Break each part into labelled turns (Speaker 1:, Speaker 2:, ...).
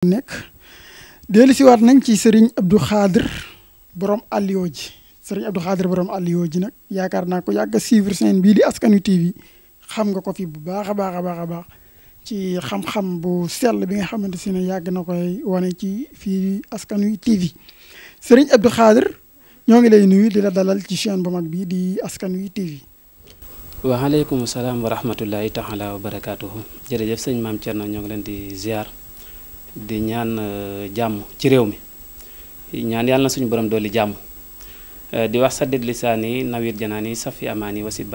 Speaker 1: Nek, dellu wat nañ ci serigne Abdou Khadir borom alioji ji sëriñ Abdou Khadir borom alioji ji nag yaakaar naa ko yag suivre di askanu TV xam nga ko fi bu baakha baakha ham, baax ci xam-xam bu sel bi nga xamanteni yag ne yàgg na koy ci fi askanu TV serigne Abdou Khadir ñoo ngi lay nuyu di la dalal ci chaîne bu mag bi di askanu TV.
Speaker 2: alaykum assalam wa rahmatullahi taala wa barakaatuhu jërëjëf sëñ maam Thierno ñoo ngi len di ziar di ñaan eh, jamm ci réew mi ñaan yalla suñu borom doli jamm eh, di wax dit lisani nawir janani safi amani, wasit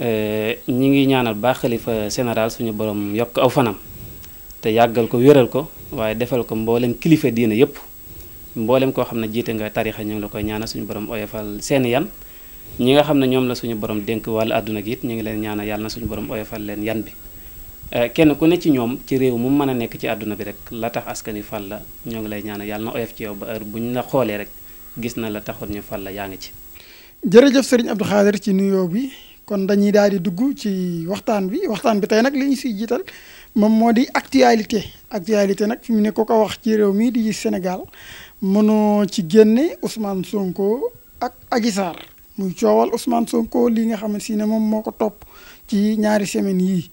Speaker 2: euh ñi ngi ñaanal ba khalifa général suñu borom yokk aw fanam te yagal ko wëral ko waye defal ko mbolem kilifa diina yépp mbolem ko xamna jité nga tariixa ñu la koy ñaanal suñu borom oyefal seen yan ñi nga xam ñom la suñu borom denk wal aduna gi ñi ngi leen ñaanal yalla suñu borom oyefal leen yan bi Eh, kenn ku ne ci ñoom ci réew mu mën a nekk ci àdduna bi rek la tax askan wi fal la ñoo ngi lay ñaanal yàlla na oyof ci yow ba heure buñ la xoolee rek gis na la taxoon ñu fal la yaa ngi ci.
Speaker 1: jërëjëf Serigne Abdou Khadir ci nuyo bi kon dañuy daal di dugg ci waxtaan bi waxtaan bi tey nag li ñu siy jiital moom moo di actualité actualité nag fi mu ne ko ko wax ci réew mi di Sénégal mënoo ci génne Ousmane Sonko ak Agisar muy coowal Ousmane Sonko li nga xam si ne ci ñaari semaines yii.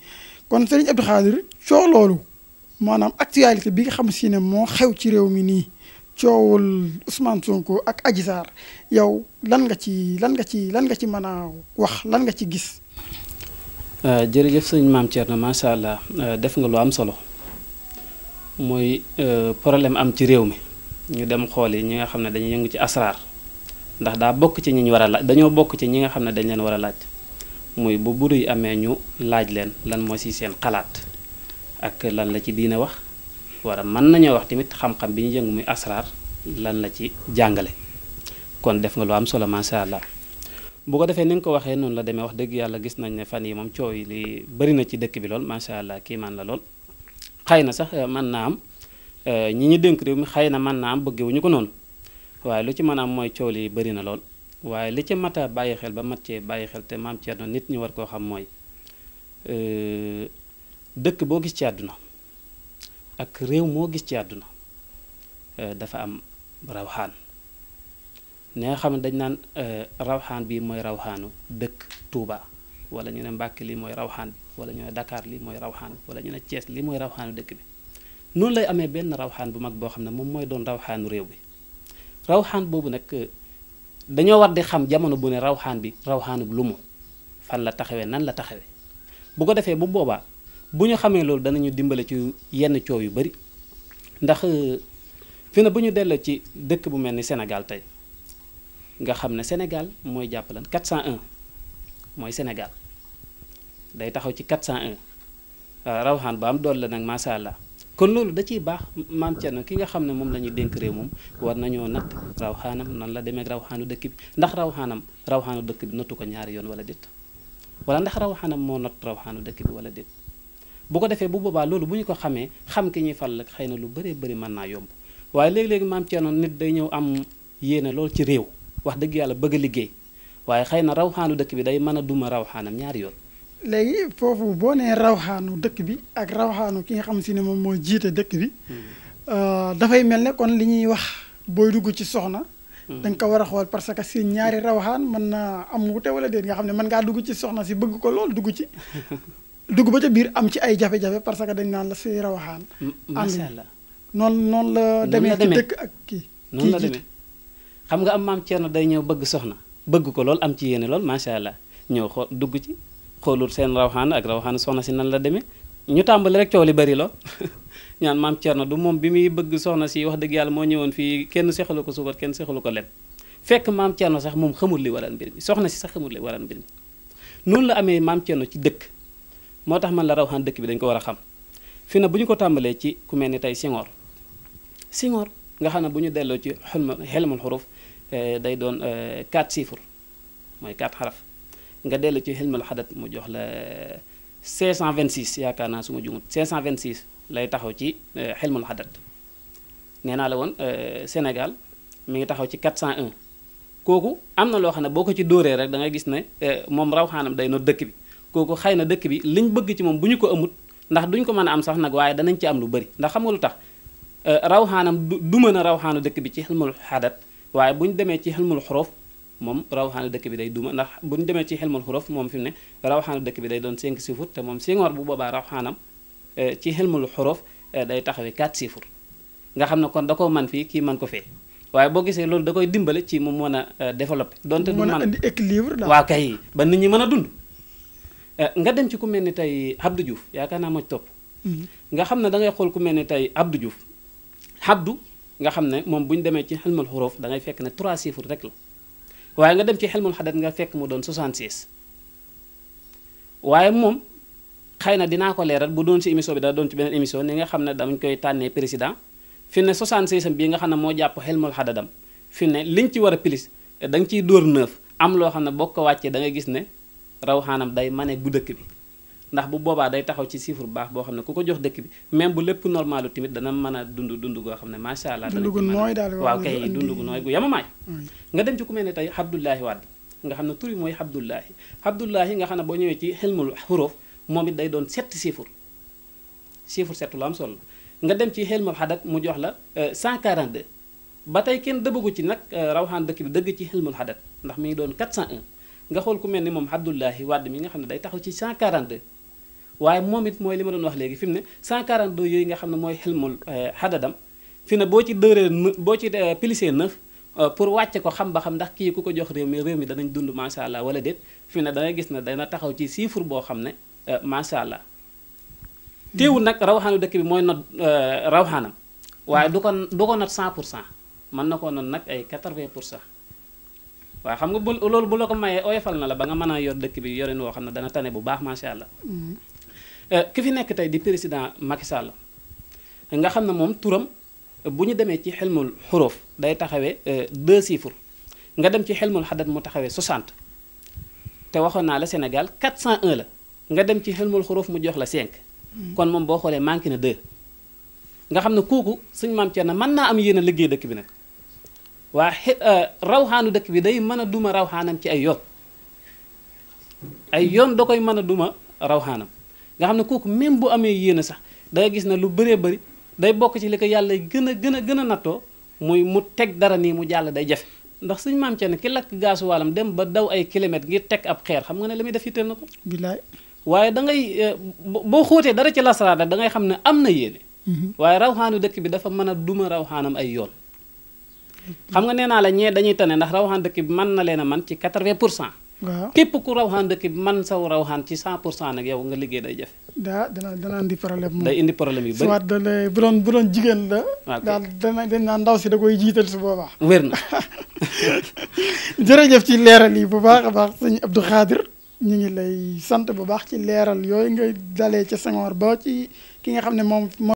Speaker 1: kon sëriñ Abdou Khadir coow loolu maanaam actualité bi nga xam si ne moo xew ci réew mi nii coowul Ousmane Sonko ak Adji yow lan nga ci lan nga ci lan nga ci mën a wax lan nga ci gis.
Speaker 2: Euh, jërëjëf sëñ maam Thierno macha allah euh, def nga lu am solo mooy euh, problème am ci réew mi ñu dem xool yi ñi nga xam ne dañuy yëngu ci asraar ndax daa bokk ci ñi ñu war a laaj dañoo bokk ci ñi nga xam ne dañ leen war a laaj. moy bu buru yi amé ñu laaj leen lan moy ci seen xalaat ak lan la ci diina wax wara man nañu wax tamit xam-xam bi ñu jëngu muy asrar lan la ci jàngale kon def nga lu am solo sha Allah bu ko defee ni nga ko waxé non la démé wax dëgg Yalla gis nañ né fan yi mom cioy li bari na ci dëkk bi lool sha Allah ki man la lool xëy sax euh, man na am euh, ñi ñi dënk réew mi man na am bëggé am ko non waye lu ci man am moy cioy li bari na lool waaye li ci mat bàyyi xel ba mat bàyyi xel te maam Thierno nit ñi war koo xam mooy euh, dëkk boo gis ci àdduna ak réew moo gis ci àdduna euh, dafa am rawxaan ni nga xam ne dañ naan euh, rawxaan bii mooy rawxaanu dëkk Touba wala ñu ne Mbàkke lii mooy rawxaan bi wala ñu ne Dakar lii mooy rawxaan bi wala ñu ne Thiès lii mooy rawxaanu dëkk bi noonu lay amee benn rawxaan bu mag boo xam ne moom mooy doon rawxaanu réew bi rawxaan boobu nag dañoo war di xam jamono bu ne rawxaan bi rawxaanu lu mu fan la taxawee nan la taxawee bu ko defee bu boobaa bu ñu xamee loolu danañu dimbali ci yenn coow yu bari ndax euh, fi na bu ñu delloo ci dëkk bu mel ni Sénégal tey nga xam ne Sénégal mooy jàppalan 401 mooy Sénégal day taxaw ci 401 rawxaan bu am dool la nag macha allah. kon loolu da ciy baax maam Thierno ki nga xam ne moom la ñuy dénk réew moom war nañoo natt raw xaanam nan la demee raw xaanu dëkk bi ndax raw xaanam raw xaanu dëkk bi nattu ko ñaari yoon wala déet wala ndax raw xaanam moo natt raw dëkk bi wala déet bu ko defee bu boobaa loolu bu ñu ko xamee xam ki ñuy fal la xëy na lu bare bëri man naa yomb waaye léegi-léegi maam Thierno nit day ñëw am yéene lool ci réew wax dëgg yàlla bëgg a liggéey waaye xëy na raw xaanu dëkk bi day mën a duma raw xaanam ñaari yoon
Speaker 1: legi fofu bo ne rawhanu dekk bi ak rawhanu ki nga xam ci ne mom moo jité dekk bi hmm. euh, da fay melne kon li ñuy wax boy dugg ci soxna hmm. da ko wara xol parce que si ñaari rawhan man na am wuté wala deen nga xam ne man ngaa dugg ci soxna si bëgg ko lool dugg ci dugg ba ca biir am ci ay jafe-jafe parce que dañ nan la si rawhan, masha non non la démé ci dekk ak ki non la démé
Speaker 2: xam nga am maam Thierno day ñew bëgg soxna bëgg ko lool am ci yene lool masha Allah xol dugg ci xoolul seen rawxaan ak rawxaan soxna si nan la demee ñu tàmbali rek coow li bari la ñaan maam Thierno du moom bi muy bëgg soxna si wax dëgg yàlla moo ñëwoon fii kenn sexalu ko suukar kenn sexalu ko lem fekk maam Thierno sax moom xamul li waral mbir mi soxna si sax xamul li waral mbir mi noonu la amee maam Thierno ci dëkk moo tax man la rawaxaan dëkk bi dañ ko war a xam fi na bu ñu ko tàmbalee ci ku mel ni tey Senghor Senghor nga xam ne bu ñu delloo ci xelmul xuruf eh, day doon 4 eh, chiffres mooy 4 nga del ci xilmal xadat mu jox la 526 yakana suma jumut 526 lay taxaw ci xilmul xadat nee naa la won Sénégal mi ngi taxaw ci 401 koku amna lo xamne boko ci doré rek da nga gis ne mom rawhanam day noot dëkk bi kooku xëy na dëkk bi liñ bëgg ci moom bu ko amut ndax duñ ko mën am sax nag waaye danañ ci am lu bëri ndax xam nga lu tax du mën a dëkk bi ci xilmul xadat waaye bu ñu ci xilmul xorof mom rawaxaana dëkk bi day duma ndax buñu démé ci xelmal khuruf mom fimné mu dëkk bi day don 5 sifur te mom singor bu boba rawhanam ci xelmal khuruf day taxawé 4 sifur nga xamné kon dako man fi ki man ko fé waye bo gisé loolu dakoy dimbale ci mom mën développer développé donte du man andi
Speaker 1: équilibre la wa kay
Speaker 2: ba nit ñi mëna dund nga dem ci ku melni tay Abdou Diouf yaakaar naa mooy topp nga xamné da ngay xol ku melni tay Abdou Diouf Abdou nga xamné mom buñu démé ci xelmal khuruf da ngay fekk ne 3 sifur rek la waaye nga dem ci xelmul xadat nga fekk mu doon 66 waaye moom xay na dinaa ko leeral bu doon ci émission bi dana doon ci beneen émission ni nga xam ne dañ koy tànnee président fi ne 66 am bii nga xam ne moo jàpp xelmul xadadam fi ne li liñ ci war a pilis da nga ciy dóor neuf am loo xam ne boo ko wàccee da gis ne raw xaanam day mane bu dëkk bi ndax bu boba day taxaw ci chiffre bu baax bo xamne kuko jox dëkk bi même bu lépp normalu timit dana mën dundu dundu go xamne ma sha allah. dund gu nooy daal waaw kay dund gu nooy gu yamamaay. nga dem ci ku melni tay abdullah wad nga xamne ne moy abdullah abdullah nga xamne bo ñewé ci hilmul huruf momit day doon sept chiffre chiffre sept lu am solo nga dem ci hilmul hadad mu jox la 142 ba tey kenn dëbëgu ci nak rawhan dëkk bi deug ci hilmul hadad ndax mi ngi doon 401 nga xol ku melni mom abdullah wad mi nga xamne day taxaw ci 142 waye momit moy mooy li doon wax léegi fimne 142 yoy nga xamne moy helmul hadadam fina bo ci deure bo ci pilisee neuf pour wàcce ko xam ba xam ndax ki kuko jox rew mi rew mi danañ dund ma sha allah wala det fina da nga dangay gis ne dana taxaw ci chiffre bo xamne ma sha allah. teewu nak rawhanu dëkk bi moy not rawaxaanam waye du ko du ko not 100 man nako non nak ay 80 pour xam nga bu loolu bu la ko mayee oyofal na la ba nga mën a yor dëkk bi yorin woo xam ne dana tane bu baax macha allah. ki fi nekk tey di président Macky nga xam mom turam buñu démé ci xelmul huruf day taxawé 2 chiffres nga dem ci xelmul hadad mu taxawé 60 te waxona la Sénégal 401 la nga dem ci xelmul huruf mu jox la 5. kon mom bo xolé manki na 2. nga xam ne suñu mam ci na man na am yéen a liggéey dëkk bi nak wa xe rawxaanu dëkk bi day mëna duma rawhanam ci ay yoon ay yoon dokoy mëna duma rawhanam nga xam ne kooku même bu amee yéene sax da nga gis ne lu bëree bari day bokk ci li ko yàlla gën a gën a gën a nattoo muy mu teg dara nii mu jàll day jafe ndax suñ maam ne ki lakk gaasuwaalam dem ba daw ay kilomètres ngir teg ab xeer xam nga ne li muy def yitteel na ko bilaay waaye da ngay eh, boo xóotee dara ci lasaraada da ngay xam ne am na yéene mm-hmm. waaye raw rawxaanu dëkk bi dafa mën a duma rawxaanam ay yoon mm-hmm. xam nga nee naa la ñee dañuy tane ndax rawxaan dëkk bi mën na leen man ci 80 pour cent képp ku raw xaan dëkk bi man saw raw xaan ci 100 pour cent nag yow nga liggéey day jafe.
Speaker 1: daa dana dana indi problème moom day
Speaker 2: indi problème yu bëri. soit
Speaker 1: da lay bu doon bu doon jigéen la. Ah, daal dana dañ naan si da koy jiital su boobaa. wér na. jërëjëf ci leeral yi bu baax a baax sëñ Abdou Khadir ñu ngi lay sant bu baax ci leeral yooyu nga dalee ca Senghor ba ci ki nga xam ne moom.